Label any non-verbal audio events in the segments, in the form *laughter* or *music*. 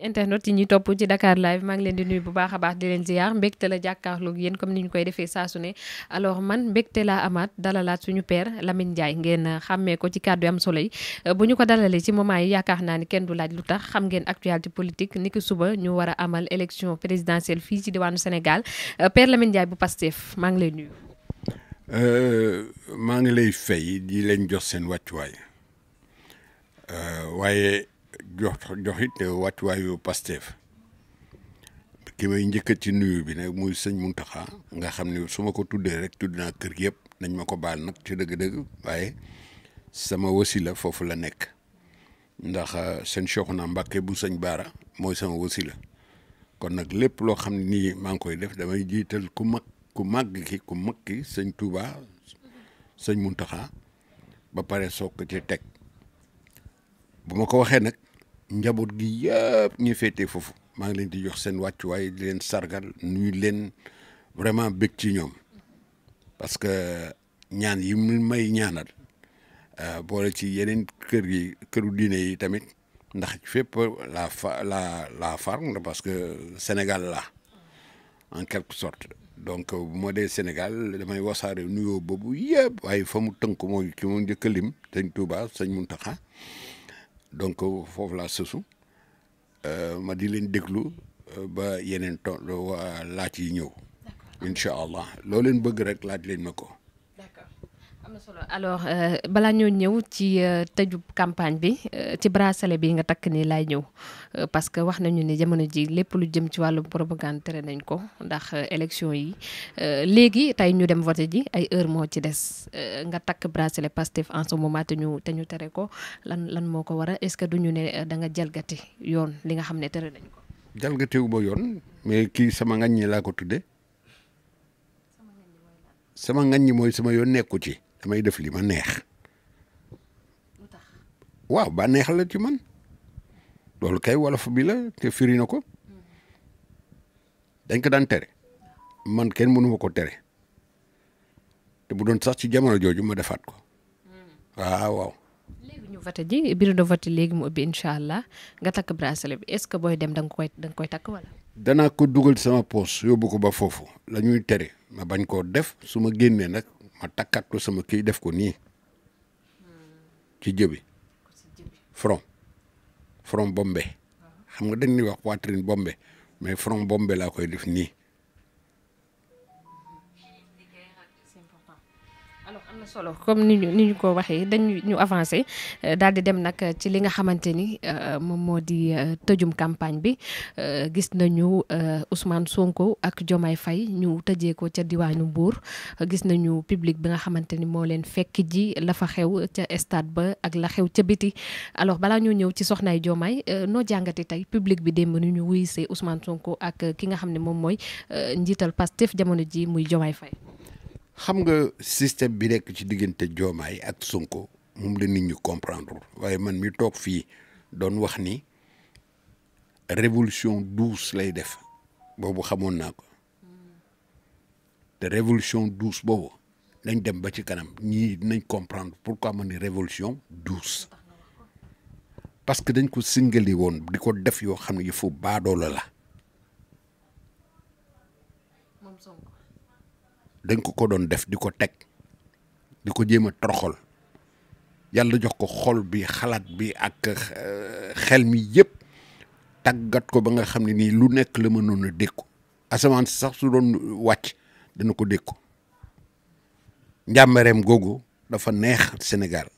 internet yi ñu topp ci Dakar live maa leen di nuyu bu baax a baax di leen ziar mbégte la jàkkaarloog yéen comme ni ñu koy defee saa su ne alors man mbégte la amaat dalalaat suñu père Lamine Ndiaye ngeen xàmmee ko ci kàddu am solo yi bu ñu ko dalalee ci moment yi yaakaar naa ni kenn du laaj lu tax xam ngeen actualité politique ni ki suba ñu war a amal élection présidentielle fii ci diwaanu Sénégal père Lamine Ndiaye bu Pastef maa ngi lay nuyu. Euh, maa ngi lay leen jox seen wàccuwaay euh, jox joxit wàccuwaayu Pastef ki may njëkk ci nuyu bi nag muy sëñ Muntaxa nga xam ni su ma ko tuddee rek tudd naa kër yëpp nañ ma ko baal nag ci dëgg-dëgg waaye sama wasila foofu la nekk ndax euh, sëñ Cheikhouna Mbacké bu sëñ Baara mooy sama wasila kon nag lépp loo xam ne nii maa ngi koy def damay jiital ku mag ku màgg ki ku mag ki sëñ Touba sëñ Muntaxa ba pare soog ko ci teg bu ma ko waxee nag njaboot gi yëpp ñu féetee foofu maa ngi leen di jox seen wàccuwaay di leen sargal nuyu leen vraiment bëgg ci ñoom parce que ñaan yi mu may ñaanal euh, boole ci yeneen kër yi këru diine yi tamit ndax fépp la fa la la farme parce que Sénégal la en quelque sorte donc bu ma dee Sénégal damay wasaare nuyoo boobu yëpp waaye fa mu tënk mooy ki mu njëkk a lim sëñ Touba sëñ donc foofu laa sësu euh, ma di leen déglu euh, ba yeneen ton waa laaj yi ñëw incha allah loo leen bëgg rek laaj leen ma ko am na solo alors euh, balaa ñoo ñëw ci euh, tëjub campagne bi euh, ci bracelet bi nga takk nii laay ñëw parce que wax nañu ni jamono ji lépp lu jëm ci wàllu propagande tere nañ ko ndax élection yi léegi tey ñu dem voté ji ay heure moo ci des nga takk bracelet Pastef en ce moment te ñu te ñu tere ko lan lan moo ko war a est-ce que du ñu ne da nga jalgati yoon li nga xam ne tere nañ ko. jalgatiwu ba yoon mais kii sama ngañ ñi laa ko tudde sama ngañ ñi mooy sama yoon nekku ci damay def li ma neex waaw ba neex la ci man loolu kay wolof bi la te firi na ko hmm. dañ ko daan tere man kenn mënu ma ko tere te bu doon sax ci jamono jooju ma defaat ko hmm. waaw waaw. léegi ñu vote ji bureau de vote léegi mu ubbi incha allah nga takk bracelet bi est-ce que booy dem da nga koy koy takk wala. danaa ko dugal sama poos bu ko ba foofu la ñuy tere ma bañ koo def su ma génnee nag. ma takkat ko sama kii def ko nii ci jëbi front front bombé xam nga dañ ni wax poitrine bombé mais front bombé laa koy def nii solo comme ni ñu ko waxee dañu ñu avancé euh, daal di dem nag euh, ci li nga xamante ni euh, moom moo di tëjum campagne bi gis nañu Ousmane Sonko ak Diomaye fay ñu tëjee ko ca diwaañu Mbour gis nañu public bi nga xamante ni moo leen fekk ji la fa xew ca stade ba ak la xew ca biti alors balaa ñoo ñëw ci soxnaay Diomaye noo jàngati tey public bi démb ni ñu wuy see Ousmane Sonko ak ki nga xam ne moom mooy njiital Pastef jamono ji muy Diomaye fay xam nga système bi nekk ci diggante Diomaye ak Sonko moom la ni ñu comprendre waaye man mi toog fii doon wax ni révolution douce lay def boobu xamoon naa ko te révolution douce boobu dañ dem ba ci kanam ñii dinañ comprendre pourquoi ma ni révolution douce parce que dañ ko singali woon di ko def yoo xam ne yëfu baadoola la dañ ko ko doon def di ko teg di ko jéem a toroxal yàlla jox ko xool bi xalaat bi ak euh, xel mi yëpp tàggat ko ba nga xam ne nii lu nekk la mënoon a dékku asamaan si sax su doon wàcc dana ko dékku njàmbareem googu dafa neex Sénégal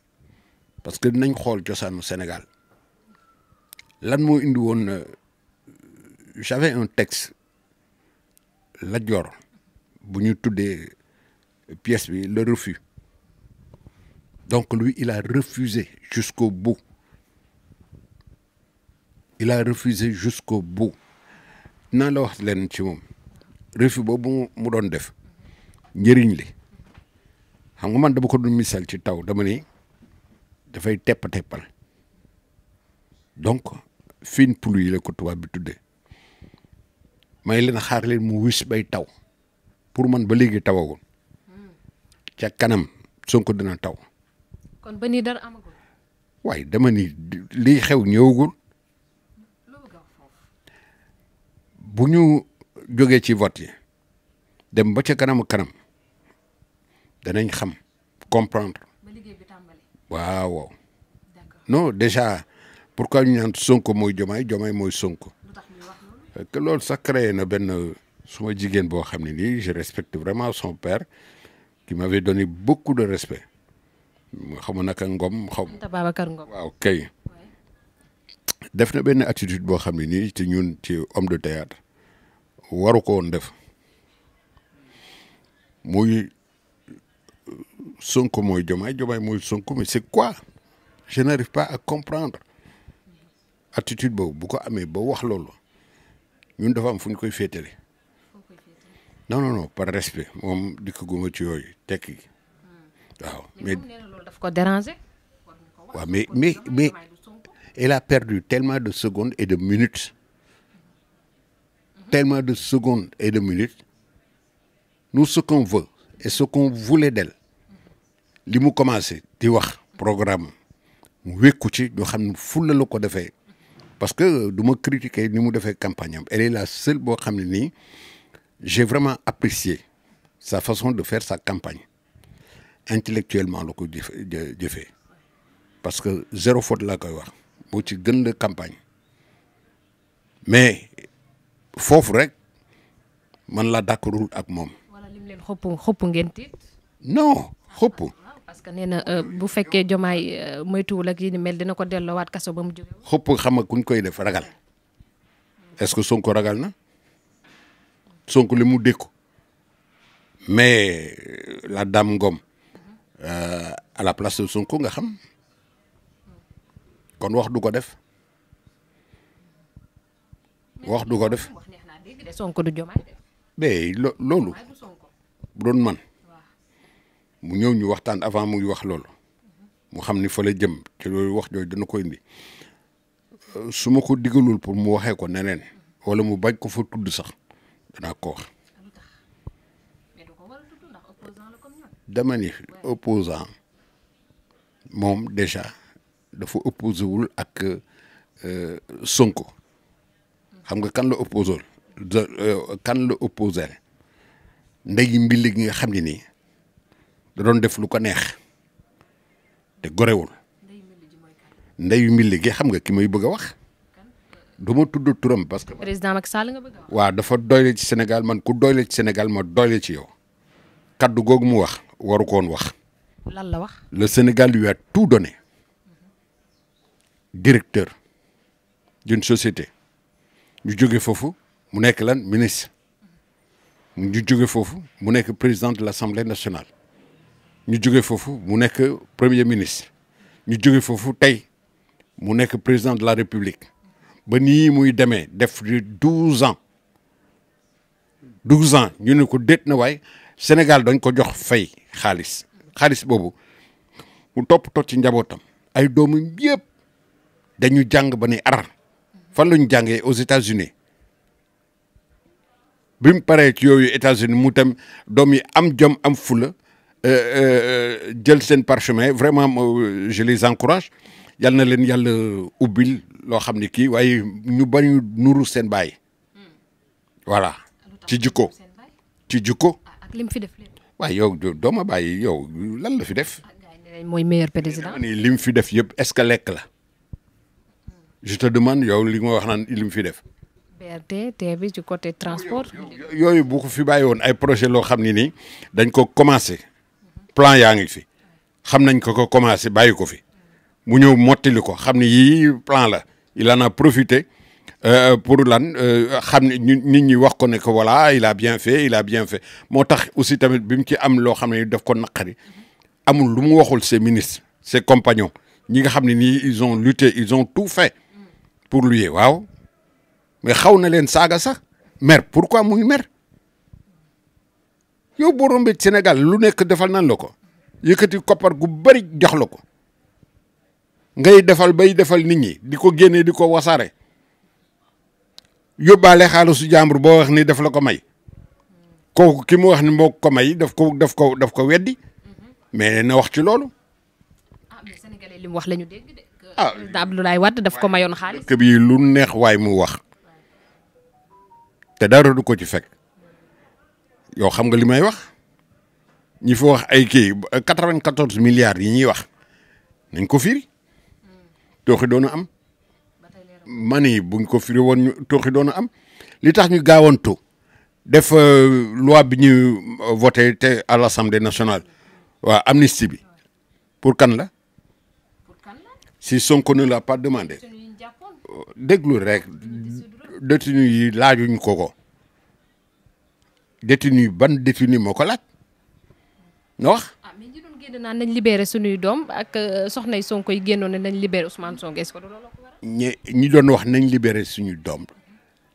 parce que dinañ xool cosaanu Sénégal lan moo indi woon euh, j'avais un texte Lat Dior bu ñu tuddee pièce bi le refus donc lui il a refusé jusqu'au bout il a refusé jusqu'au la wax leen ci moom refus boobu mu doon def njëriñ li xam nga man dama ko doon misaal ci taw dama ni dafay tepp teppal donc fine pluie la ko tubaab bi tuddee may leen xaar leen mu wis bay taw pour man ba léegi tawagul ca kanam Sonko dina taw. kon ba nii dara amagul. waaye dama ni lii xew ñëwagul bu ñu jógee ci vote yi dem ba ca kanam kanam danañ xam comprendre waaw waaw non déjà pourquoi ñu Sonko mooy Diomaye Diomaye mooy Sonko loolu sax créé na benn. suma jigéen boo xam ne nii je respecte vraiment son père qui m'avait donné beaucoup de respect xamu naka Ngom xaw ma. Babacar Ngom waaw kay. def na benn attitude boo xam ne nii te ñun ci homme de théâtre waru ko woon def muy Sonko mooy Diomaye Diomaye mooy Sonko mais c'est quoi je n'arrive pas à comprendre attitude boobu bu ko amee ba wax loolu ñun dafa am fu ñu koy féetale non non par respect moom dikkaguma ci yooyu tekki hmm. waaw. mais daf ko déranger. waaw mais mais mais elle a perdu tellement de secondes et de minutes mm-hmm. tellement de secondes et de minutes nous ce qu'on veut et ce qu'on voulait li mu commencé di wax programme mu wékku ci ñu xam ne fulla la ko defee parce que du ma critiquer ni mu defee campagne am elle est la seule boo xam ne nii. j'ai vraiment apprécié sa façon de faire sa campagne intellectuellement la ko jëfe parce que zéro faute laa koy wax moo ci gën la campagne mais foofu rek man laa d'accordul ak moom. wala lim leen xëpp xëpp ngeen tiit. non xëpp. Ah, parce que nee na euh, bu fekkee jomaay euh, moytuwul ak yi ni mel dina ko delloowaat kaso ba mu jóge. xëpp xam kuñ koy def ragal est-ce que ko ragal na. Sonko li mu dékku mais euh, la dam Ngom euh, à la place de Sonko nga xam kon wax du ko def wax du ko def mais loolu bu doon man mu ñëw ñu waxtaan avant muy wax loolu mu xam ni fa jëm ci loolu wax jooju dana ko indi euh, su ma ko digalul pour mu waxee ko neneen wala mu bañ ko fo tudd sax danaa ko wax dama ni moom déjà dafa opposé wul ak euh, Sonko xam nga kan la opposé euh, kan la opposé ndey mbil gi nga xam ne nii da def lu ko neex te gorewul ndeyu mbil gi xam nga ki may bëgg a wax du ma tudd turam parce que. président Macky Sall nga waaw dafa doyle ci Sénégal man ku doyle ci Sénégal ma doyle ci yow kaddu googu mu wax waru ko wax. lan la wax. le Sénégal lui a tout donné directeur d'une société ñu jóge foofu mu nekk lan ministre ñu jóge foofu mu nekk président de l'Assemblée nationale ñu jóge foofu mu nekk premier ministre ñu jóge foofu tey mu nekk président de la République. ba nii muy demee def di douze ans douze ans ñu ne ko déet na waay Sénégal dañ ko jox fay xaalis xaalis boobu mu toppatoo ci njabootam ay doomu yëpp dañu jàng ba ni ar fan lañu jàngee aux États-Unis bi mu paree ci yooyu États-Unis mu tam doom yi am jom am fula euh, euh, jël seen parchemin vraiment euh, je les encourage yal na leen yàlla ubbil loo xam ne kii waaye ñu bari nuru seen baay hmm. voilà ah, ci jikko ci ah, jikko. ak lim fi def waaye yow doo ma bàyyi yow lan la fi def. Ah, mooy meilleur président. lim fi def yëpp est-ce que lekk la. Hmm. je te yow li nga wax naan lim fi def. BRT bi ci côté transport. yooyu bu ko fi bàyyi woon ay projet loo xam ne nii dañ ko commencé. Hmm. plan yaa ngi fi. xam nañ ko ko commencé bàyyi ko fi. mu ñëw mottali ko xam ne yii plan la il en a profité euh, pour lan euh, xam ne nit ñi wax ko ne que voilà il a bien fait il a bien fait moo tax aussi tamit bi mu ci am loo xam ne daf ko naqari amul lu mu waxul ses ministres ses compagnons ñi nga xam ne nii ils ont lutté ils ont tout fait pour lui waaw mais xaw na leen saaga sax mer pourquoi muy mer yow boo rombee Sénégal lu nekk defal nan la ko yëkkati koppar gu bëri jox la ko. ngay defal bay defal nit ñi di ko génne di ko wasaare yóbbaale xaalisu jàmbur boo wax ni def la ko may kooku ki mu wax ni moo ko may def ko daf ko daf ko weddi mais na wax ci loolu. ah wax la ñu dégg de. Ah. ko mayoon xaalis. dëkk bi lu neex waay mu wax te dara du ko ci fek yow xam nga li may wax ñi fi wax ay kii 94 milliards yi ñuy wax nañ ko firi. tooxi doon am mani buñ ko firi woon ñu tooxi doon am li tax ñu gaawantu def euh, loi bi ñu euh, voté te à l'Assemblée nationale waa amnistie bi pour kan la si Sonko l'a pas demandé déglu rek détenu yi laajuñ ko détinu détenu ban détenu moo ko laaj na wax bëri danaan nañ libéré suñuy doom ak euh, soxnay Sonko yi génnoon nañ libéré Ousmane Sonko est-ce que loolu ñi doon wax nañ libéré suñu doom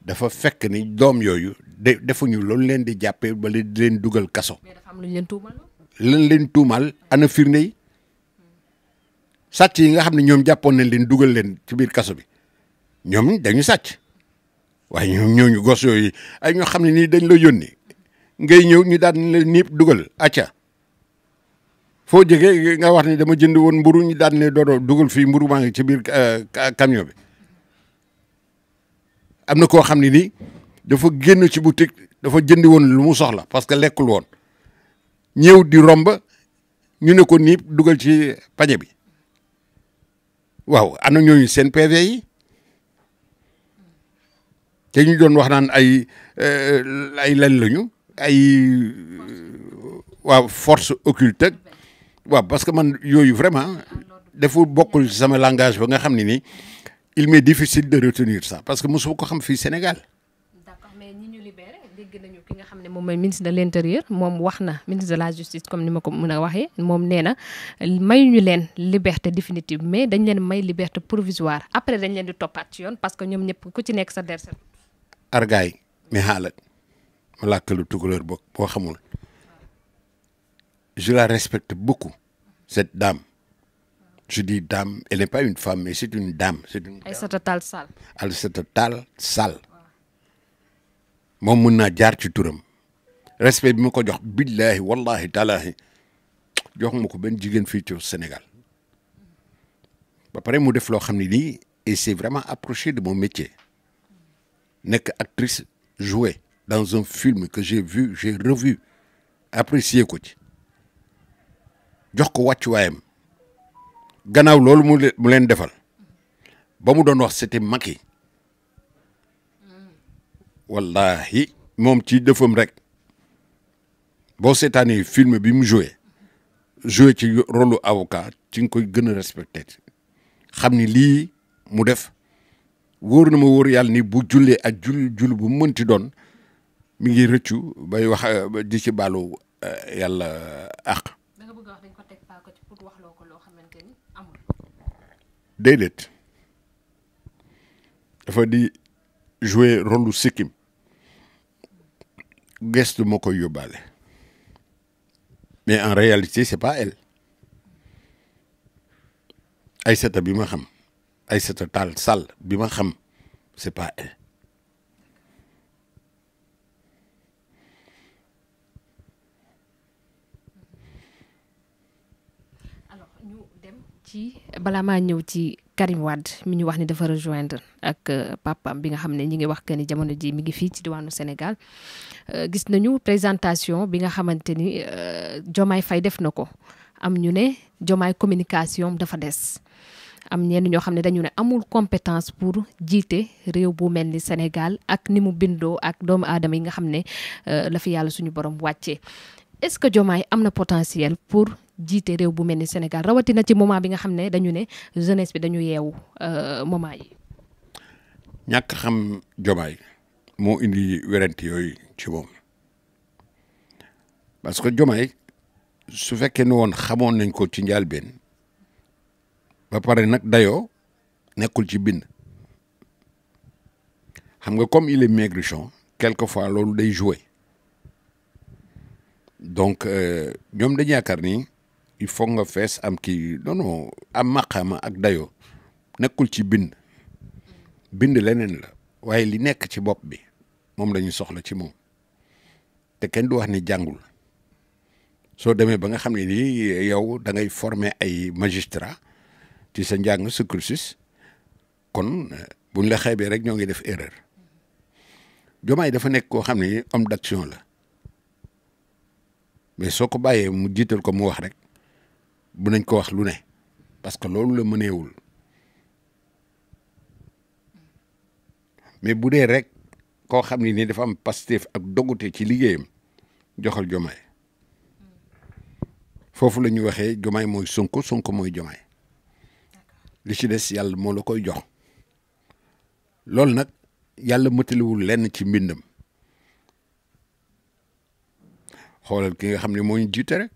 dafa fekk ni doom yooyu de defuñu loolu leen di jàppee ba di leen dugal kaso. mais dafa am leen tuumal. lan leen tuumal ana firnde yi sàcc yi nga xam ne ñoom jàppoon nañ leen dugal leen ci biir kaso bi ñoom dañu sàcc waaye ñoom ñooñu gos yooyu ay ñoo xam ne nii dañ la yónni ngay ñëw ñu daan la dugal acca foo jege nga wax ni dama jënd woon mburu ñu daan ne doodoo dugal fii mburu maa ngi ci biir euh, camion bi am na koo xam ne nii dafa génn ci boutique dafa jëndi woon lu mu soxla parce que lekkul woon ñëw di romb ñu ne ko nii dugal ci pañe bi waaw ana ñooñu seen PV yi te ñu doon wax naan ay euh, ay lan lañu ay euh, waaw force occulte waaw parce que man yooyu vraiment dafa bokkul ci sama langage ba nga xam ne nii il m'est difficile de retenir ça parce que mosu ko xam fii Sénégal. d'accord mais ñi ki nga xam ne moom mooy ministre de l'intérieur moom wax na ministre de la justice comme ni ma ko mën a waxee moom nee na mayuñu leen liberté définitive mais dañ leen may liberté provisoire après dañ leen di toppaat ci yoon parce que ñoom ñëpp ku ci nekk sa der sa. argaay mi xaalat ma làkk lu tukulóor boo xamul. je la respecte beaucoup, cette dame. Je dis dame, elle n'est pas une femme, mais c'est une dame. C'est une Aïssata Tall Sall. Aïssata Tall Sall. moom mën naa jaar ci turam. respect bi ma ko jox billahi wallahi taalahi jox ma ko benn jigéen fii ci Sénégal. ba pare mu def loo xam ne nii et c'est vraiment approché de mon métier. nekk actrice jouer dans un film que j'ai vu j'ai revu apprécié ko ci. jox ko wàccuwaayam gannaaw loolu mu leen defal ba mu doon wax c'était Macky wallahi moom ci defam rek boo seetaanee film bi mu joué joué ci rôle avocat ci nga koy gën xam ni lii mu def wóor na ma wóor yàlla ni bu jullee ak jul jul bu mënti doon mi ngi rëccu bay wax di ci baalu eh, yàlla àq waxloo ko loo xamante di jouer rôle lu sikkim gestu moo koy yóbbaale mais en réalité c'est pas elle Aïssata bi ma xam Aïssata Tall Sall bi ma xam c'est pas elle. balaa maa ñëw ci Karim Wade mi ñu wax ni dafa rejoindre ak euh, papam bi nga xam ne ñi ngi wax que ni jamono ji mi ngi fii ci diwaanu Sénégal euh, gis nañu présentation bi nga xamante ni Jomaay euh, Fay def na ko am ñu ne Jomaay communication dafa des am ñenn ñoo xam ne dañu ne amul compétence pour jiite réew bu mel ni Sénégal ak ni mu bindoo ak doomu adama yi nga xam ne la yàlla suñu borom wàccee est-ce que Jomaay am na potentiel pour jiite réew bu mel ni Sénégal rawatina ci moment bi nga xam ne dañu ne jeunesse bi dañu yeewu euh, moment yi. ñàkk xam jomay moo indi werante yooyu ci moom parce que jomaay su fekkee ne woon xamoon nañ ko ci njëlbéen ba pare nag dayoo nekkul ci bind xam nga comme il est quelque fois loolu day jouer donc euh, ñoom dañu yaakaar ni il faut nga fees am kii non am maqaama ak dayoo nekkul ci bind bind leneen la waaye li nekk ci bopp bi moom la ñu soxla ci moom te kenn du wax ni jàngul soo demee ba nga xam ne nii yow da ngay former ay magistra ci sa njàng sa cursus kon buñ la xeebee rek ñoo ngi def erreur Diomaye dafa nekk koo xam ne homme d'action la mais soo ko bàyyee mu jiital ko mu wax rek bu nañ ko wax lu ne parce que loolu la mëneewul mais bu dee rek koo xam ne ni dafa am Pastef ak dogute ci liggéeyam joxal Jomaay foofu la ñuy waxee Jomaay mooy Sonko Sonko mooy Jomaay li ci des yàlla moo la koy jox loolu nag yàlla mëtaliwul lenn ci mbindam xoolal ki nga xam ne moo ñu jiite rek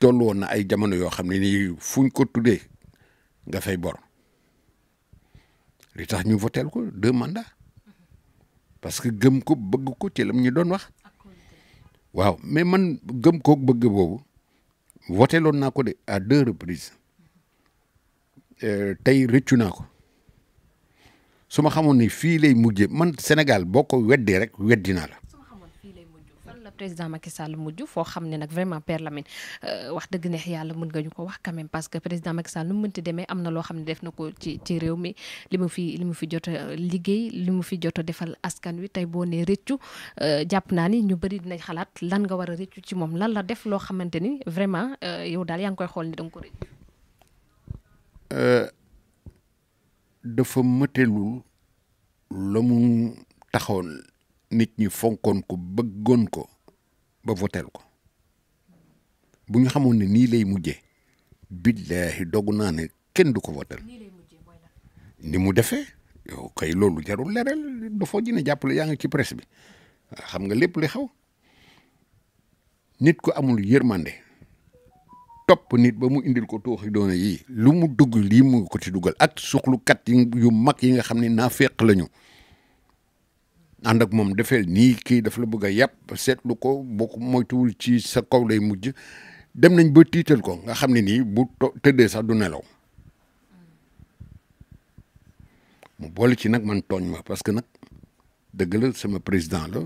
toll woon na ay jamono yoo xam ne nii fuñ ko tuddee nga fay bor li tax ñu voteel ko deux mandats parce que gëm ko bëgg ko ci lam ñu doon wax waaw mais man gëm ko bëgg boobu voteeloon naa ko de à deux reprises euh, tey rëccu naa ko su ma xamoon ni fii lay mujjee man Sénégal boo ko weddee rek weddi naa la. président Macky Sall mujj foo xam ne nag vraiment Père Lamine euh, wax dëgg neex yàlla mën nga ñu ko wax quand parce que président Macky Sall nu mu mënti demee am na loo xam ne def na ko ci ci réew mi li mu fi li mu fi jot a euh, liggéey li mu fi jot a defal askan wi tey boo nee rëccu euh, jàpp naa ni ñu bëri dinañ xalaat lan nga war a rëccu ci moom lan la def loo xamante ni vraiment yow daal yaa ngi koy xool ni da nga ko rëccu. dafa mëtelul la mu taxoon nit ñi fonkoon ko bëggoon ko ba votel ko bu ñu xamoon ne nii lay mujjee billaahi dogu naa ne kenn du ko votel ni mu defee yow kay loolu jarul lereel dafa dina jàppale yaa ngi ci presse bi xam nga lépp li xaw nit ko amul yërmande topp nit ba mu indil ko tooxi doona yii lu mu dugg lii mu ko ci dugal ak suxlukat yu mag yi nga xam ne naa féq lañu ànd ak moom defeel nii kii daf la bëgg a yàpp seetlu ko boo ko moytuwul ci sa kaw lay mujj dem nañ ba tiital ko nga xam ne nii bu tëddee sax du nelaw mu boole ci nag man tooñ ma parce que nag dëgg la sama président la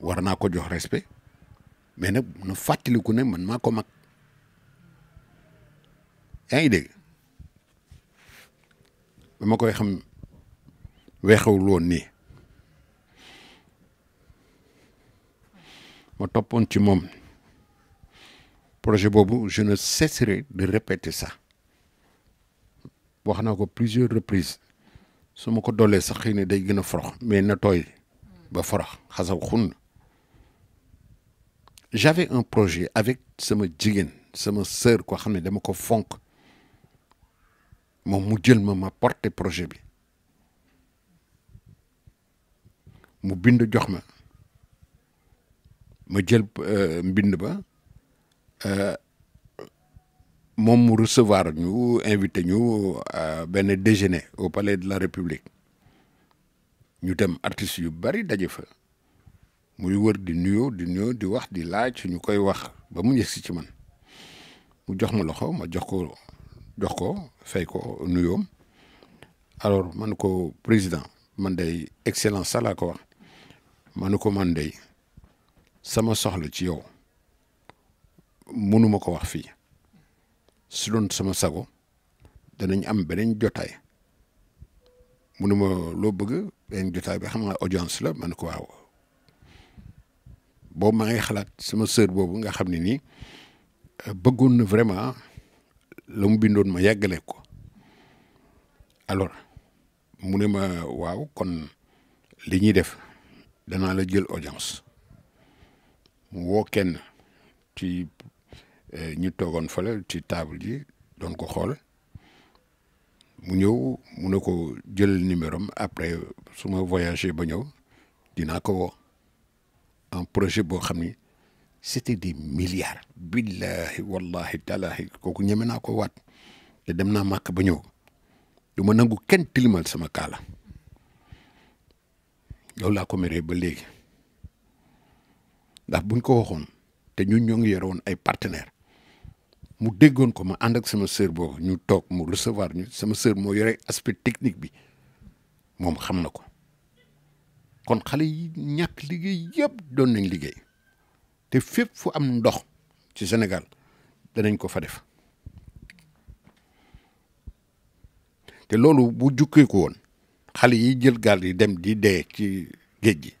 war naa ko jox respect mais nag na fàttaliku ne man maa ko mag yaa ngi dégg ba ma koy xam weexewul woon nii ma toppoon ci moom projet boobu je ne cesserai de répéter ça wax naa ko plusieurs reprises su ma ko doolee sax xëy na day gën a forox mais na tooy ba forox xasaw xun j'avais un projet avec sama jigéen sama sœur koo xam ne dama ko fonk moom mu jël ma ma porté projet bi mu bindu jox ma ma jël euh, mbind ba euh, moom mu recevoir ñu invité ñu euh, benn déjeuner au palais de la république ñu dem artistes yu bari daje fa muy wër di nuyoo di nuyoo di wax di laaj ñu koy wax ba mu yegsi ci man mu jox ma loxo ma jox ko jox ko fay ko nuyoom alors man ko président man day excellence sa ko wax man ko man day sama soxla ci yow mënuma ko wax fii su doon sama sago danañ am beneen jotaay mënuma loo bëgg beneen jotaay bi xam nga audience la man ko waaw boobu maa ngi xalaat sama sœur boobu nga xam ne nii bëggoon na vraiment la mu bindoon ma yàggale ko alors mune ne ma waaw kon li ñuy def danaa la jël audience mu woo kenn ci eh, ñu toogoon fale ci table ji doon ko xool mu ñëw mu ne ko jël numéro am après suma ma ba ñëw dinaa ko woo un projet boo xam ni c'était des milliards. billahi wallahi talahi kooku ñeme naa ko waat te dem naa màkk ba ñëw du ma nangu kenn tilimal sama kaala loolu laa ko ba léegi. ndax buñ ko waxoon te ñu ñoo ngi yore woon ay partenaire mu déggoon ko ma ànd ak sama sœur ñu toog mu recevoir ñu sama sœur moo yore aspect technique bi moom xam na ko kon xale yi ñàkk liggéey yëpp doon nañ liggéey te fépp fu am ndox ci Sénégal danañ ko fa def te loolu bu jukkee ko woon xale yi jël gaal yi dem di dee ci géej gi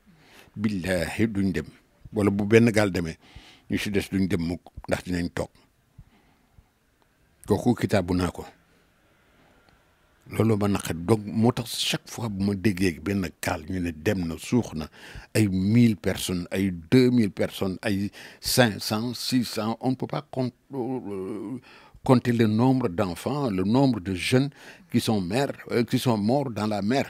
billaahi duñ dem wala bu benn gaal demee ñu si des duñ dem muk ndax dinañ toog kooku kitaabu naa ko loolu ma naqe dog moo tax chaque fois bu ma déggee benn gaal ñu ne dem na suux na ay mille personnes ay deux mille personnes ay cinq cent six cent on ne peut pas euh, compter le nombre d'enfants le nombre de jeunes qui sont mères euh, qui sont morts dans la mer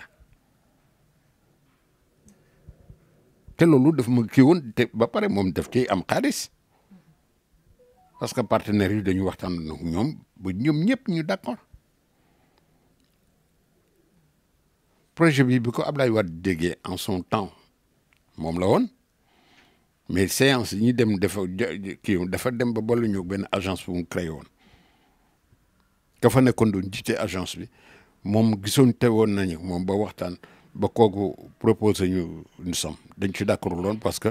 te loolu daf ma kii woon te ba pare moom def cay am xaalis parce que partenaires yi dañu waxtaan ak ñoom ba ñoom ñëpp ñu d'accord projet bi bi ko Ablaye Wade déggee en son temps moom la woon mais séance yi ñu dem dafa kii dafa dem ba boole ñu benn agence bu mu créé woon ka fa nekkoon doon jiite agence bi moom gisoon te woon nañu moom ba waxtaan. ba kooku proposé ñu une somme dañ ci d'accordul loon parce que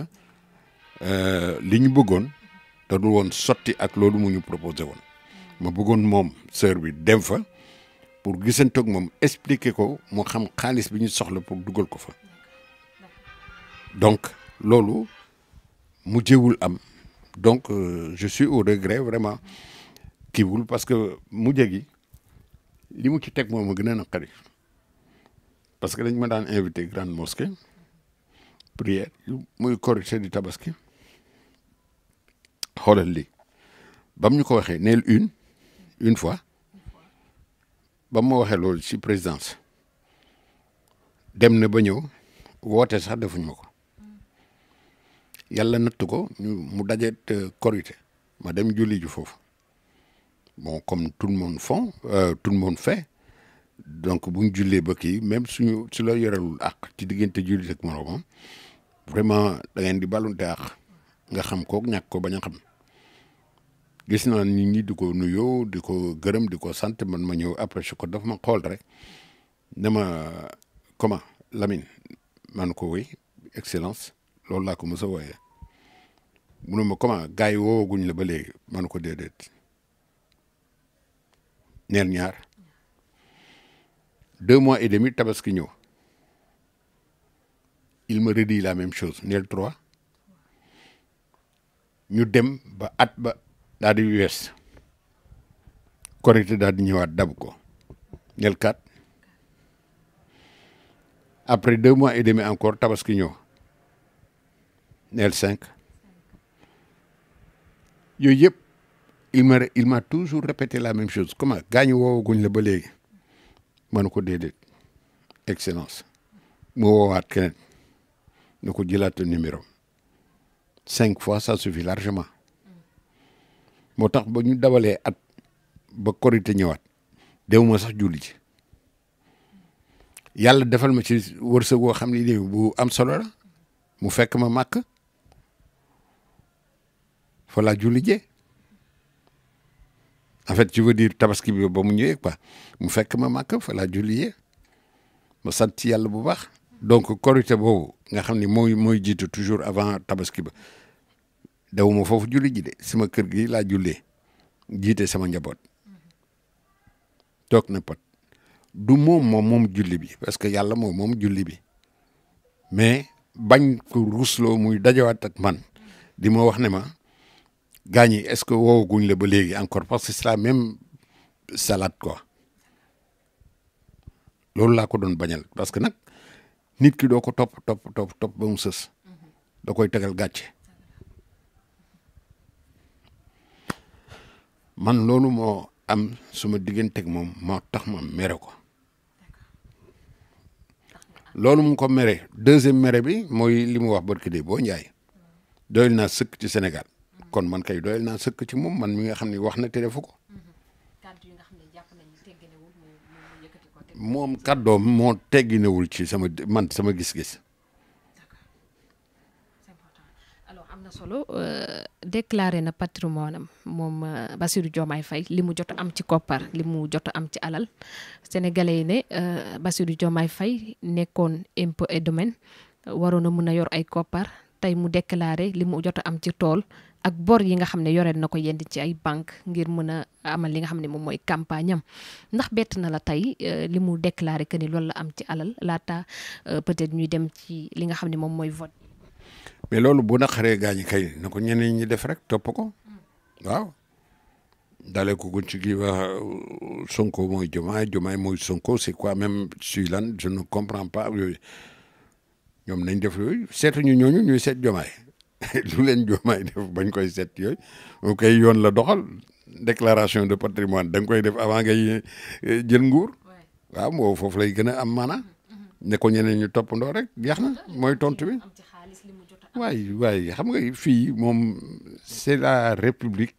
euh, li ñu bëggoon da dul woon sotti ak loolu mu ñu proposé woon ma bëggoon moom sœur bi dem fa pour gisantoog moom expliquer ko mu xam xaalis bi ñu soxla pour dugal ko fa donc loolu mujjewul am donc euh, je suis au regret vraiment kiiwul parce que mu gi li mu ci teg moom a gën a naqari parce que dañ ma daan invité grande mosquée prière muy korité di tabaski xoolal li bam ñu ko waxee neel une une fois ba moo waxee loolu si présidence dem na ba ñëw woote sax defuñ ma ko yàlla na ko ñu mu daje korité ma dem julli ju foofu bon comme tout le monde font euh, tout donc bu ñu jullee ba kii même suñu su la yoralul àq ci diggante jullit ak moroomam vraiment da ngeen di ballonte àq nga xam ko ñàkk ko ba a xam gis naa nit ñi di ko nuyoo di ko gërëm di ko sant man ma ñëw après ko dof ma xool rek ne ma comment lamin man ko woy excellence loolu laa ko mos a wooyee mu ne ma comment gars yi woowaguñ la ba léegi man ko déedéet neel ñaar. deux mois et demi tabaski ñëw il me redit la même chose neel trois ñu dem ba at ba daal di wees correcté daal di ñëwaat dab ko neel quatre après deux mois et demi encore tabaski ñëw neel cinq yooyu yëpp il m'a il m'a toujours répété la même chose comment gaañu woowaguñ la ba léegi ma ne ko déedéet excellence mu woowaat keneen na ko jëlaat numéro cinq fois ça suffit largement moo tax ba ñu dabalee at ba korite ñëwaat dewuma sax julli ci yàlla defal ma ci wërsëg woo xam ne nii bu am solo ra mu fekk ma màkk fa laa en fait je veux dire tabaski bi ba mu ñëwee quoi mu fekk ma màkk fa laa julli ma sant ci yàlla bu baax donc korité boobu nga xam ni mooy mooy jiitu toujours avant tabaski ba dawuma foofu julli ji de sama kër gi laa jule jiite sama njaboot toog na pot du moom moom moom julli bi parce que yàlla moom moom julli bi mais bañ ko ruusloo muy dajawaat ak man di ma wax ne ma gaañ yi est-ce que woowaguñ la ba léegi encore parce que c'est la même salade loolu laa ko doon bañal parce que nag nit ki doo ko topp topp topp topp ba mu sës da koy tegal gàcce man loolu moo am suma digganteeg moom moo tax ma mere ko loolu mu ko mere deuxième mere bi mooy li mu wax barki de boo njaay doyul naa sëkk ci Sénégal kon man kay doyal sëkk ci moom man mi nga xam ne wax na te ko. Mm-hmm. kàddu yi nga xam ne jàpp moo tegginewul ci sama man sama gis-gis. na solo euh, déclaré na patrimoine am moom euh, Bassirou Diomaye Faye li mu jot am ci koppar li mu jot am ci alal sénégalais yi ne euh, Bassirou Diomaye Faye nekkoon impôt et domaine waroon a mën a yor ay koppar tey mu déclaré li mu jot am ci tool ak bor yi nga xam ne yoreel na ko yenn ci ay banque ngir mën a amal li nga xam ne moom mooy campagne am ndax bett na la tey euh, li mu déclaré que ni loolu la am ci alal laata euh, peut-être ñuy dem ci li nga xam ne moom mooy vote. mais loolu bu naqaree gaañi kay na ko ñeneen ñi def rek topp ko hmm. waaw dalee ko gun ci euh, Sonko mooy Diomaye Diomaye mooy Sonko c'est quoi même suy lan je ne comprends pas yooyu ñoom nañ def yooyu seetuñu ñooñu ñuy seet Diomaye *laughs* lu leen joomaay def bañ koy set yooyu koy yoon la doxal déclaration de patrimoine da koy def avant ngay eh, jël nguur waaw moo foofu lay gën a am maana mm-hmm. ne ko ñeneen ñu toppandoo rek jeex na mm-hmm. mooy tontu bi waay waay xam nga fii moom c'est la république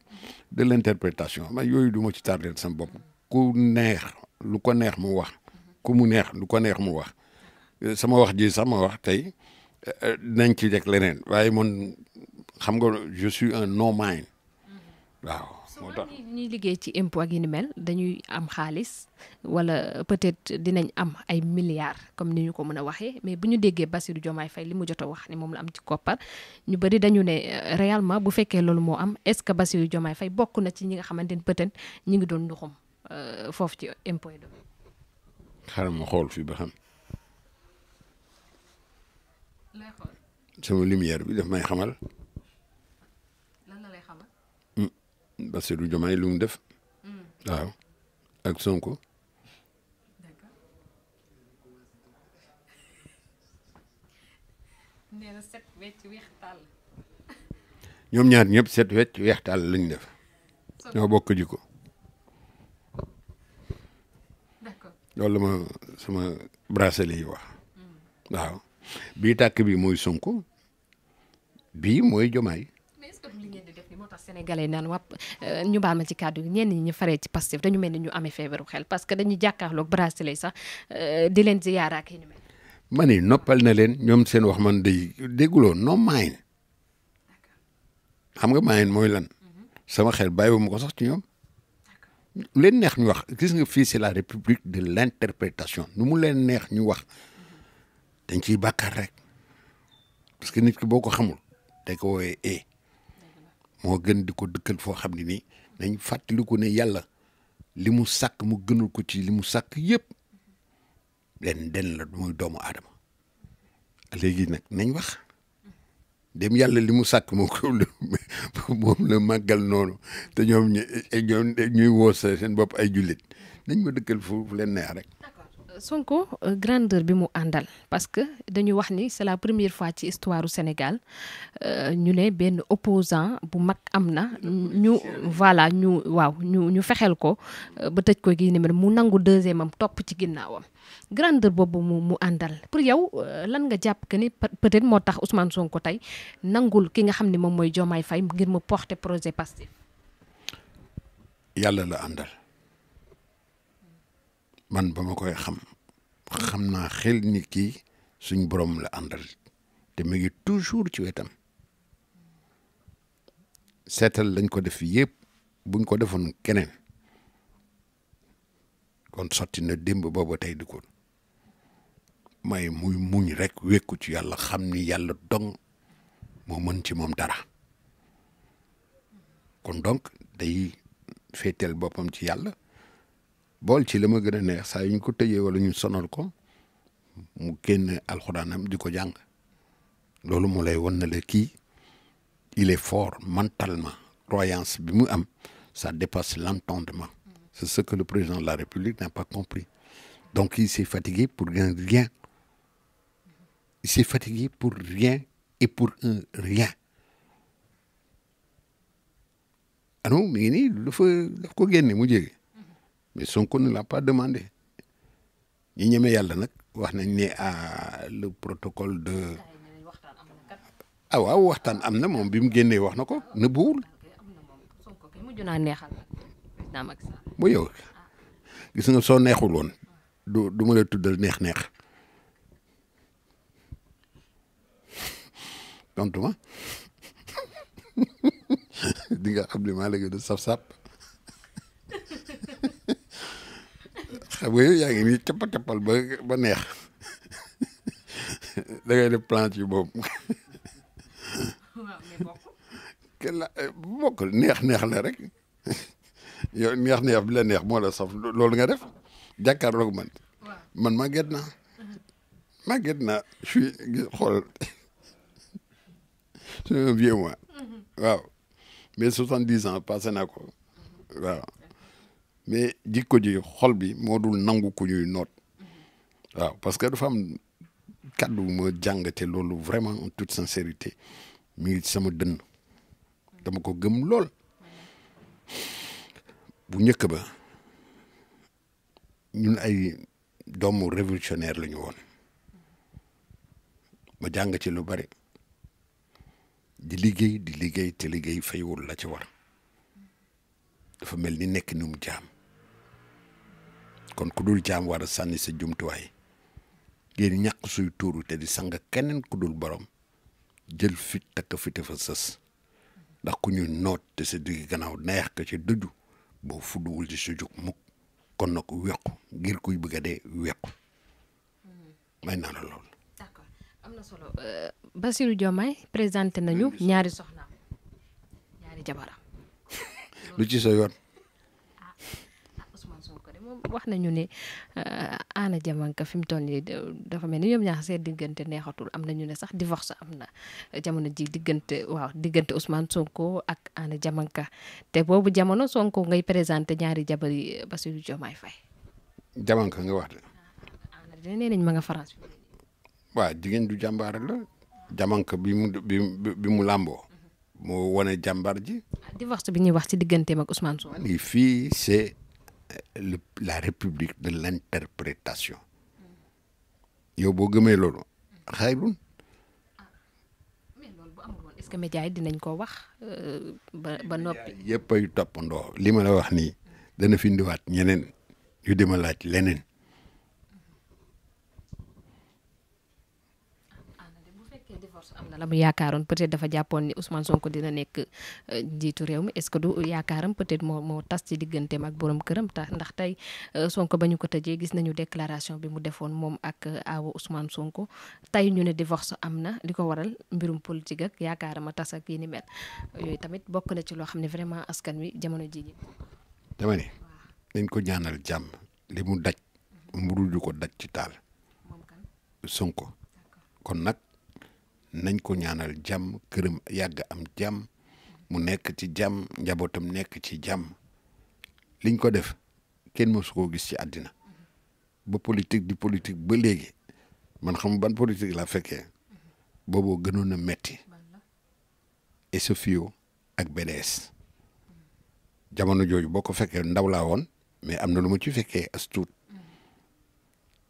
de l'interprétation ma yooyu du ma ci tardé sama bopp ku neex lu ko neex mu wax mm-hmm. ku mu neex lu ko neex mu wax eh, sama wax ji sama wax tey nañ ci deg leneen waaye man xam nga je suis un no mind waaw moo tax ñuy liggéey ci impôt ak yi ni mel dañuy am xaalis wala peut-être dinañ am ay milliards comme ni ñu ko mën a waxee mais bu ñu déggee Bassirou Diomaye fay li mu jot a wax ni moom la am ci koppar ñu bëri dañu ne euh, réellement bu fekkee loolu moo am est-ce que Bassirou Diomaye fay bokk na ci ñi nga xamante ni peut-être ñi ngi doon nduxum euh, foofu ci impôt yi doon. xaaral xool fii ba xam. sama lumière bi daf may xamal. lan la xamal. parce hmm. que du jomaay lu mu def. Hmm. waaw ak Sonko. nee ñoom ñaar ñëpp set wecc weex tàll lañ def. ñoo bokk jikko. loolu ma sama bracelet yi wax hmm. waaw. bii tàkk bi mooy Sonko bii mooy Jomaay. mais est-ce que moo tax sénégalais naan wàpp euh, ñu baal ma ci kàddu gi ñenn ñi ñu faree ci Pastef dañu mel na ñu amee feebaru xel parce que dañuy jàkkaarloog bracelet sax euh, di leen ziyaara ak ni mel. ma noppal na leen ñoom seen wax man day dégguloo non maayin xam nga maayin mooy lan mm-hmm. sama xel bàyyiwu ma ko sax ci ñoom leen neex ñu wax gis nga fii c'est la république de l'interprétation nu mu leen neex ñu wax dañ ciy bàkkaar rek parce que nit ki boo ko xamul dañ ko woowee ee moo gën di ko dëkkal foo xam ne nii dañ fàttaliku ne yàlla li mu sàkk mu gënul ko ci li mu sàkk yëpp den den la muy doomu aadama léegi nag nañ wax dem yàlla li mu sàkk moo ko *laughs* moom la màggal noonu te ñoom ñuy woo seen bopp ay jullit nañ ma dëkkal fu leen neex rek Sonko euh, grandeur bi mu àndal parce que dañuy wax ni c'est la première fois ci histoire du Sénégal euh, ñu ne benn opposant bu mag am na ñu voilà ñu waaw ñu ñu fexeel ko euh, ba tëj ko gi ni mu nangu deuxième am topp ci ginnaawam grandeur boobu mu mu àndal pour yow lan nga jàpp que ni peut-être moo tax Ousmane Sonko tey nangul ki nga xam ni moom mooy Diomaye Faye ngir ma porter projet Pastef yàlla la àndal man ba ma koy xam xam naa xel nit kii suñ borom la àndal te mu ngi jours ci wetam seetal lañ ko def yëpp buñ ko defoon keneen kon sotti na démb boobu tey di ko may muy muñ rek wekku ci yàlla xam ni yàlla dong moo mën ci moom dara kon donc day féetal boppam ci yàlla bool ci la ma gën a neex saa yu ñu ko tëjee wala ñu sonal ko mu génn alxuraanam di ko jàng loolu mu lay won na la kii il est fort mentalement croyance bi mu am sa dépasse l'entendement c'est ce que le président de la République n'a pas compris donc il s'est fatigué pour un rien il s'est fatigué pour rien et pour rien ano mi ngi nii dafa daf ko génne mu jege mais Sonko ne l'a pas demandé ñi ñeme yàlla nag wax nañ ne à ah, le protocole de ah waxtaan am na moom bi mu génnee wax na ko ne buwul bu gis nga soo neexul woon du ma la tuddal neex-neex tontuma *laughs* di nga xam ne maa léegi du saf-sap xam nga yow yaa ngi nii cappa cappal ba ba neex *laughs* da ngay def yu boobu *laughs* kenn la eh, bokk neex neex la rek *laughs* yo neex neex bi la neex moo la saf loolu nga def jàkkaarloog man man màgget na màgget naa su xool c'est un vieux moi mhm. waaw mais soixante-dix ans passé naa ko mhm. waaw mais jikko ji xol bi moo dul nangu ku ñuy noot mm-hmm. waaw parce que dafa am kàddu ma jàngate loolu vraiment en toute sincérité mi sama dënn dama ko gëm lool bu njëkk ba ñun ay doomu révolutionnaire la ñu woon ma jàng ci lu bari di liggéey di liggéey te liggéey faywul la ci war dafa mel ni nekk ni mu jaam kon ku dul jaam war a sànni sa jumtuwaay ngir ñàq suy tuuru te di sang keneen ku dul borom jël fit takk fite fa sës ndax ku ñuy noot te sa digg gannaaw neex ka ci dëju boo fudduwul ci sa jug mukk kon nag wequ ngir kuy bëgg a dee wequ may naa la lool. d'accord am na solo euh, Bassirou Diomaye présenté nañu ñaari soxnaam ñaari jabaram *laughs* lu ci sa yoon. wax nañu ne euh, Anna Diamanka fi mu toll nii dafa mel ni ñoom ñaar seen diggante neexatul am na ñu ne sax divorce am na jamono ji diggante waaw diggante Ousmane Sonko ak Anna jamanka te boobu jamono Sonko ngay présenté ñaari jabar yi Bassirou Diomaye fay Diamanka nga wax de. Anna de nee ma nga France. waaw jigéen du jàmbaar la. bi mu bi mu làmboo. moo wane jàmbaar ji. Ah, divorce bi ñuy wax ci digganteem ak Ousmane Sonko. fii c'est la république de l'interprétation yow boo gëmee loolu xayrun ah, est-ce que médias yi dinañ ko wax euh, ba ba noppi. yëpp ay toppandoo li ma la wax nii dana findiwaat ñeneen yu dima laaj leneen fekkee am na la mu yaakaaroon peut-être dafa jàppoon ni usman Sonko dina nekk euh, njiitu réew mi est-ce que du yaakaaram peut-être moo moo tas ci digganteem ak borom këram tax ndax tey euh, Sonko ba ñu ko gis nañu déclaration bi mu defoon moom ak euh, aawa Sonko tey ñu ne divorce am na li ko waral mbirum politique ak yaakaarama tas ak yi ni mel yooyu tamit bokk na ci loo xam ne vraiment askan wi jamono jii. dama ne dañ ko ñaanal jàmm li mu daj. Mhm. mu dul ko daj ci Sonko kon nag. nañ ko ñaanal jàmm këram yàgg am jàmm mu nekk ci jàmm njabootam nekk ci jàmm liñ ko def kenn mësu koo gis ci àddina ba politique di politique ba léegi man xam ban politique laa fekkee booboo gënoon a metti SFIO ak BDS jamono jooju boo ko fekkee ndaw laa woon mais am na lu ma ci fekkee as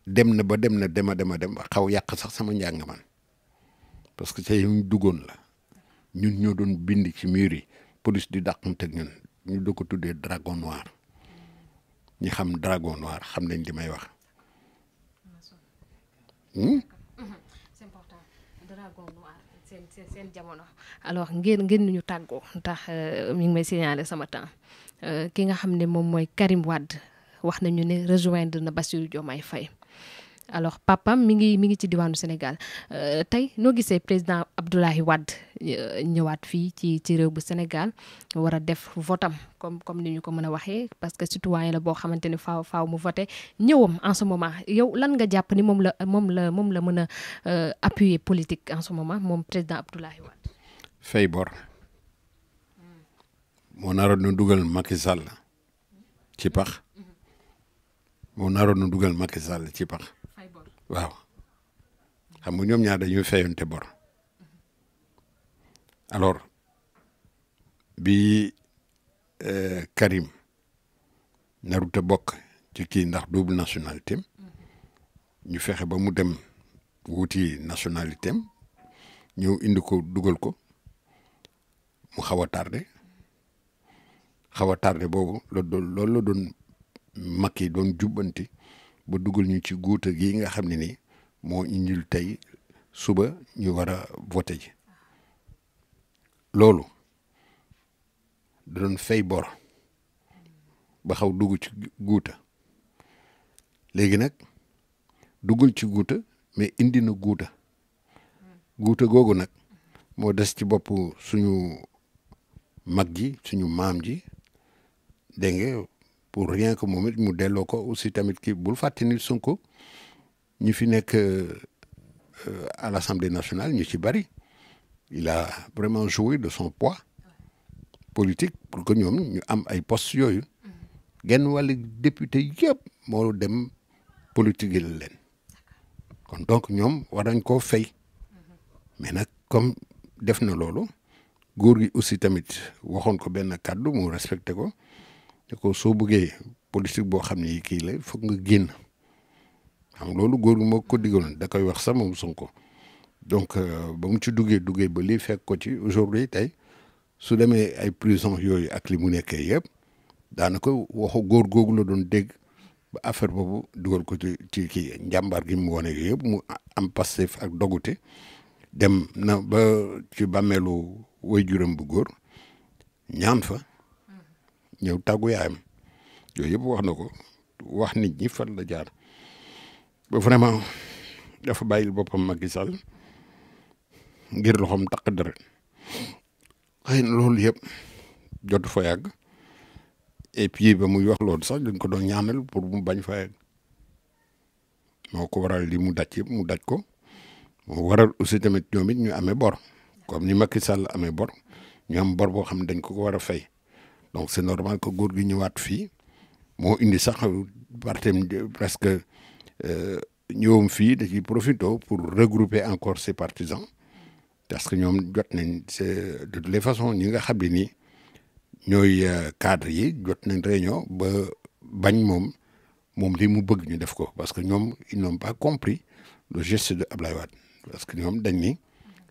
dem na ba dem na dema dema dem xaw yàq sax sama njàng man parce que tey ñu duggoon la ñun ñoo doon bind ci miir yi police di dàqanteeg ñun ñu do ko tuddee dragon noir ñi xam dragon noir xam nañ li may wax. Hmm? c'est important dragon noir seen seen seen jamono. alors ngeen ngeen ñu tàggoo ndax euh, mi ngi may signaler sama temps euh, ki nga xam ne moom mooy Karim Wade wax nañu ne rejoindre na Bassirou Diomaye fay alors papam mi ngi mi ngi ci diwaanu Sénégal euh, tey noo gisee président Abdoulaye Wade euh, ñëwaat fii ci ci réew bu Sénégal war a def votam comme comme ni ñu ko mën a waxee parce que citoyen la boo xamante ni faaw faaw mu voté ñëwam en ce moment yow lan nga jàpp ni moom la moom la moom la mën a euh, appuyer politique en ce moment moom président Abdoulaye Wade. fay bor. moo naroon nu dugal Macky Sall ci naroon dugal Macky Sall ci pax. waaw xam nga ñoom ñaar dañuy fayonte bor alors bi euh, Karim narut a bokk ci kii ndax double nationalité ñu fexe ba mu dem wuti nationalité am ñëw indi ko dugal ko mu xaw a tardé xaw a tardé boobu la doon loolu la doon Macky doon jubbanti ba dugal ñu ci guuta gi nga xam ne ni moo indil tey suba ñu war a voté ji loolu da doon fay bor ba xaw dugg ci guuta léegi nag duggul ci guuta mais indi na guuta guuta googu nag moo des ci boppu suñu mag ji suñu maam ji dégg pour rien que moom mu delloo ko aussi tamit ki bul fàtte ni Sonko ñi fi nekk euh, à l'Assemblée nationale ñu ci bari il a vraiment joué de son poids politique pour que ñoom ñu am ay postes yooyu genn wàll député yëpp moo dem politique la leen kon donc ñoom war nañ koo fay mais nag comme def na loolu góor gi aussi tamit waxoon ko benn kàddu mu respecté ko ne ko soo bëggee politique boo xam ne kii la foog nga génn xam loolu góor gu moo ko digaloon da koy wax sax moom Sonko donc euh, ba mu ci duggee duggee ba lii fekk ko ci aujourd'hui tey su demee ay prison yooyu ak li mu nekkee yëpp daanaka waxu góor googu la doon dégg ba affaire boobu dugal ko ci ci kii njàmbaar gi mu wane yooyu yëpp mu am Pastef ak dogute dem na ba ci bàmmeelu waajuram bu góor ñaan fa ñëw tàggu yaayam yooyu yëpp wax na ko wax nit ñi fan la jaar ba vraiment dafa bàyyil boppam Macky Sall ngir loxoom takk dara xëy na loolu yëpp jot fa yàgg et puis ba muy wax loolu sax dañ ko doon ñaanal pour mu bañ fa yàgg moo ko waral li mu daj yëpp mu daj ko mu waral aussi tamit ñoom ñu amee bor comme ni Macky Sall amee bor ñu am bor boo xam ne dañ ko ko war a fay. donc c'est normal ko góor gi ñëwaat fii moo indi sax partem presque euh, ñëwam fii da ciy profito pour regrouper encore ses partisans parce que ñoom jot nañ c'est de toutes les façons ñi nga xam ne nii ñooy euh, cadre yi jot nañ réunion ba bañ moom moom li mu bëgg ñu def ko parce que ñoom ils n'ont pas compris le geste de Ablaye Wade parce que ñoom dañ ni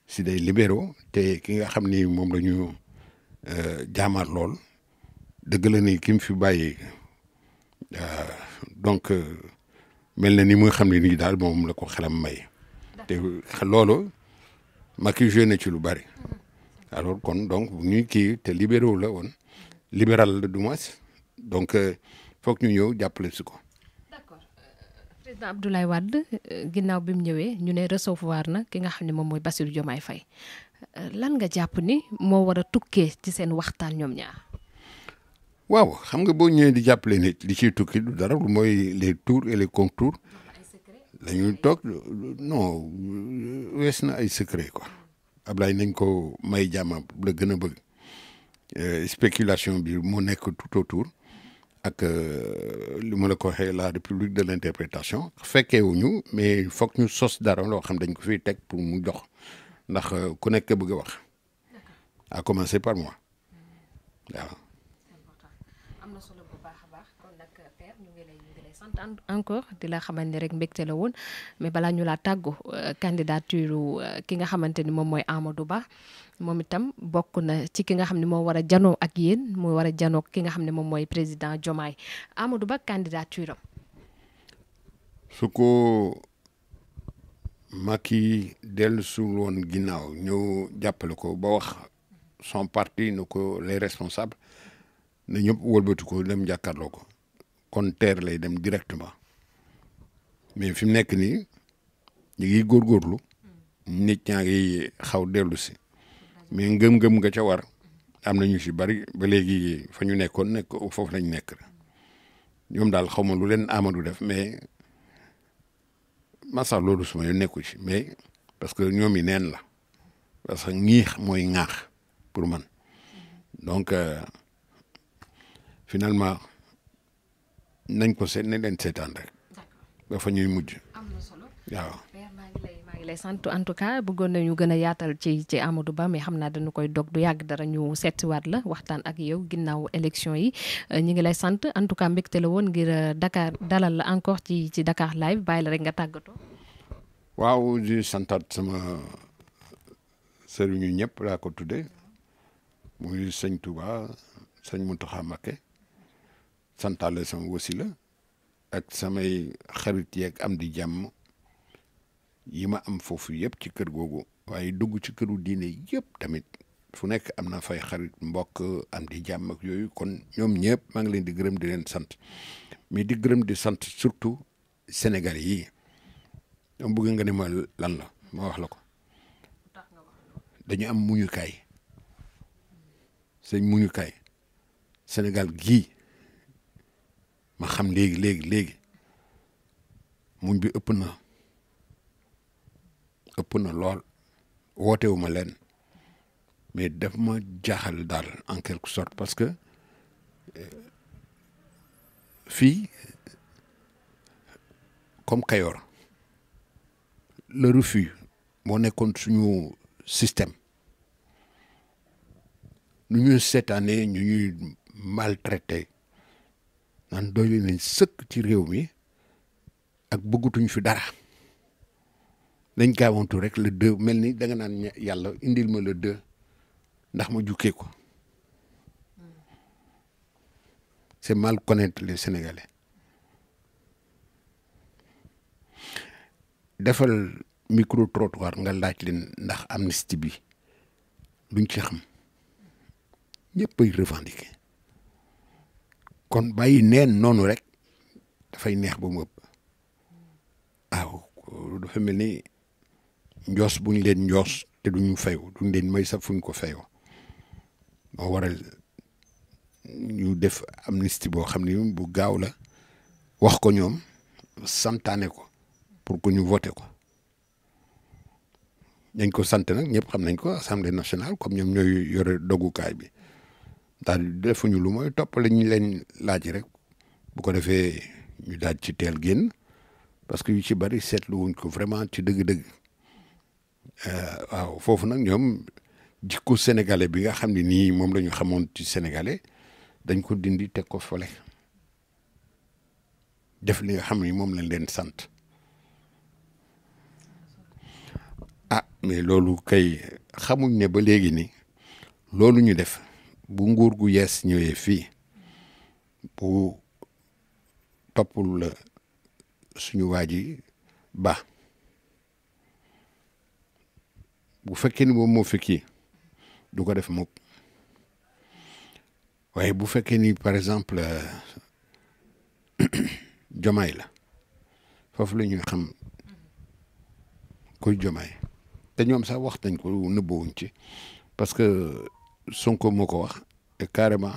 si day libéraux te ki nga xam ni moom la ñu euh, jaamaar lool dëgg la ni ki mu fi bàyyi euh, donc euh, mel na ni muy xam ne nii daal moom la ko xelam may te loolu Macky joué na ci lu bari alors kon donc bu ñuy kii te libéraux la woon libéral la du moins donc euh, foog ñu ñëw jàppale si ko. président Abdoulaye Wade ginnaaw bi mu ñëwee ñu ne recevoir na ki nga xam ne moom mooy Bassirou Diomaye fay lan nga jàpp ni moo war a tukkee ci seen waxtaan ñoom ñaar. waaw xam nga boo ñëwee di jàppale nit li ciy tukki du dara lu mooy les tour et les contours dañuy toog non wees na ay secret quoi Ablaye nañ ko may jàmmam la gën a bëgg euh, spéculation bi moo nekk tout autour ak euh, li ma la ko waxee la république de l'interprétation ñu mais foog ñu sos dara loo xam dañ ko fiy teg pour mu jox ndax euh, ku nekk bëgg a wax a commencer par moi encore di la xamante rek mbégte la woon mais balaa ñu laa tàggu euh, candidature euh, ki nga xamante ni moom mooy Amadou Ba moom itam bokk na ci ki nga xam ne moo war a janoo ak yéen moo war a janoo ki nga xam ne moom mooy président Diomaye Amadou Ba candidature am. su ko Macky dellusiwul woon ginnaaw ñëw jàppale ko ba wax son parti na ko les responsables na ñëpp wëlbatu ko dem jàkkaarloo ko. kon terre lay dem directement mais fi mu nekk nii ñu ngi góorgóorlu nit ñaa ngi xaw dellu si mais ngëm-ngëm nga ca war am na ñu si bari ba léegi fa ñu nekkoon nekk foofu lañ nekk ñoom daal xaw ma lu leen Amadou def mais masa loolu suma yoon nekku ci mais parce que ñoom yi neen la parce que ñiix mooy ŋaax pour man donc euh, finalement nañ ko seet ne leen seetaan rek. dafa ñuy mujj. am solo maa ngi lay sant en tout cas bëggoon nañu gën a yaatal ci ci Amadou Ba mais xam naa dañu koy dog du yàgg dara ñu seetiwaat la waxtaan ak yow ginnaaw élection yi euh, ñu ngi lay sant en tout cas mbégte la woon ngir euh, Dakar dalal la encore ci ci Dakar live bàyyi la rek nga tàggatoo. waaw di santaat sama sëriñu ñëpp laa ko tuddee muy sëñ Touba sëñ Mountakha Mbacké santaale sama wasila ak samay xarit yeeg am di jàmm yi ma am foofu yëpp ci kër googu waaye dugg ci këru diine yëpp tamit fu nekk am na fay xarit mbokk am di jàmm ak yooyu kon ñoom ñëpp maa ngi leen di gërëm di leen sant mais di gërëm di sant surtout Sénégal yi dama bëgg nga ne ma lan la ma wax la ko dañu am muñukaay seen muñukaay Sénégal gii ma xam léegi léegi léegi muñ bi ëpp na ëpp na lool wootewu ma leen mais daf ma jaxal daal en quelque sorte parce que euh, fii comme Kayor le refus moo nekkoon suñu système nu ñuy seetaanee ñu ñuy maltraité naan doy nañ sëkk ci réew mi ak bëggatuñ fi dara dañ gaawantu rek le mel ni da naan yàlla indil ma le ndax ma jukkee ko c'est mal connaître les Sénégalais defal micro trottoir nga laaj leen ndax amnistie bi luñ ci xam ñëpp ay kon bayi neen noonu rek dafay neex ba mu ëpp waaw dafa mel ni njoos bu ñu leen njoos te duñu fayu duñ leen may sax fuñ ko fayoo moo waral ñu def amnistie boo xam ne bu gaaw la wax ko ñoom santaane ko pour que ñu voté ko ñan ko sante nag ñëpp xam nañ ko assemblée nationale comme ñoom ñooy yore dogukaay bi daal defuñu lu mooy topp la ñu leen laaj rek bu ko defee ñu daaj ci teel génn parce que yu ci bari seetlu wuñ ko vraiment ci dëgg-dëgg euh, waaw foofu nag ñoom jikko sénégalais bi nga xam ne nii moom la xamoon ci sénégalais dañ ko dindi teg ko fole def li xam ni moom lañ leen sant ah mais loolu kay xamuñ ne ba léegi ni loolu ñu def bu nguur gu yees ñëwee fii bu toppul la suñu waa ji ba bu fekkee ni moom moo fekki du ko def mukk waaye bu fekkee ni par exemple *coughs* jomay la foofu la ñuy xam kuy jomaay te ñoom sax wax nañ ko nëbbawuñ ci parce que Sonko moo ko wax carrément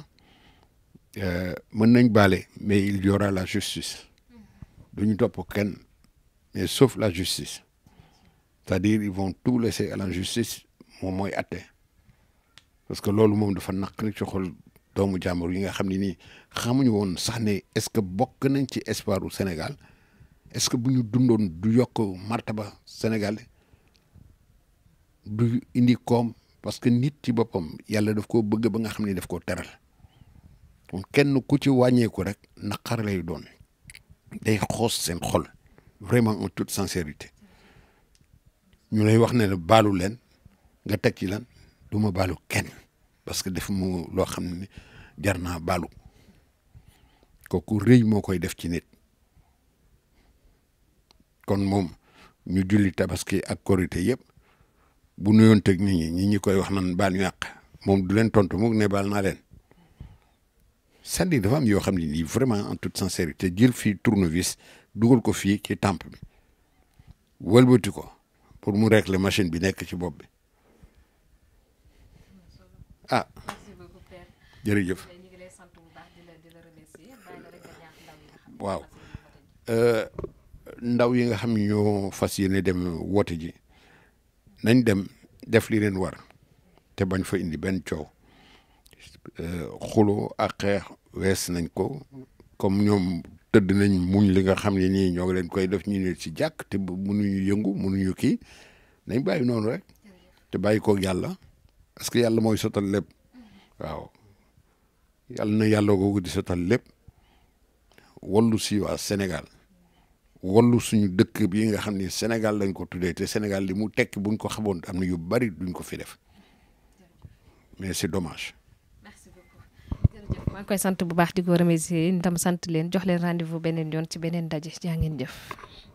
euh, mën nañ baale mais il y la justice du ñu topp kenn mais sauf la justice c'est-à-dire ils vont tout laisser à la justice moom mooy atte parce que loolu moom dafa naqari ci xol doomu jàmbur yi nga xam ni nii xamuñu woon sax ne est-ce que bokk nañ ci espoir wu Sénégal est-ce que bu ñu dundoon du yokk martaba Sénégal du indi koom parce que nit ci boppam yàlla daf koo bëgg ba nga xam ni daf koo teral kon kenn ku ci wàññeeku rek naqar lay doon day xoos seen xol vraiment en toute sincérité ñu lay wax ne la baalu leen nga teg ci lan du ma baalu kenn parce que def mu loo xam ne jar naa baalu kooku rëy moo koy def ci nit kon moom ñu julli tabaski ak korité yëpp bu nuyoon teg nit ñi ñi koy wax nan baal ñu àq moom du leen tontu mu ne baal naa leen cest à dafa am yoo xam ne nii vraiment en toute sincérité jël fii tournevis dugal ko fii ci tàmp bi walbati ko pour mu régler machine bi nekk ci bopp bi ah waaw euh, ndaw yi nga xam ñoo fas yéene dem woote ji nañ dem def li leen war te bañ fa indi benn coow euh, xuloo ak xeex wees nañ ko comme ñoom tëdd nañ muñ li nga xam ne nii ñoo ngi leen koy def ñu ne ci jàkk te mënuñu yëngu mënuñu kii nañ bàyyi noonu rek te bàyyi koog yàlla parce que yàlla mooy sotal lépp waaw yàlla na yàlla googu di sotal lépp wallu si waa Sénégal wallu suñu dëkk bi nga xam ni Sénégal lañ ko tuddee te Sénégal li mu tekk buñ ko xamoon am na yu bari duñ ko fi def mais c'est dommage. maa ngi koy sant bu baax di ko remercier tam sant leen jox leen rendez beneen yoon ci beneen daje jaa ngeen jëf.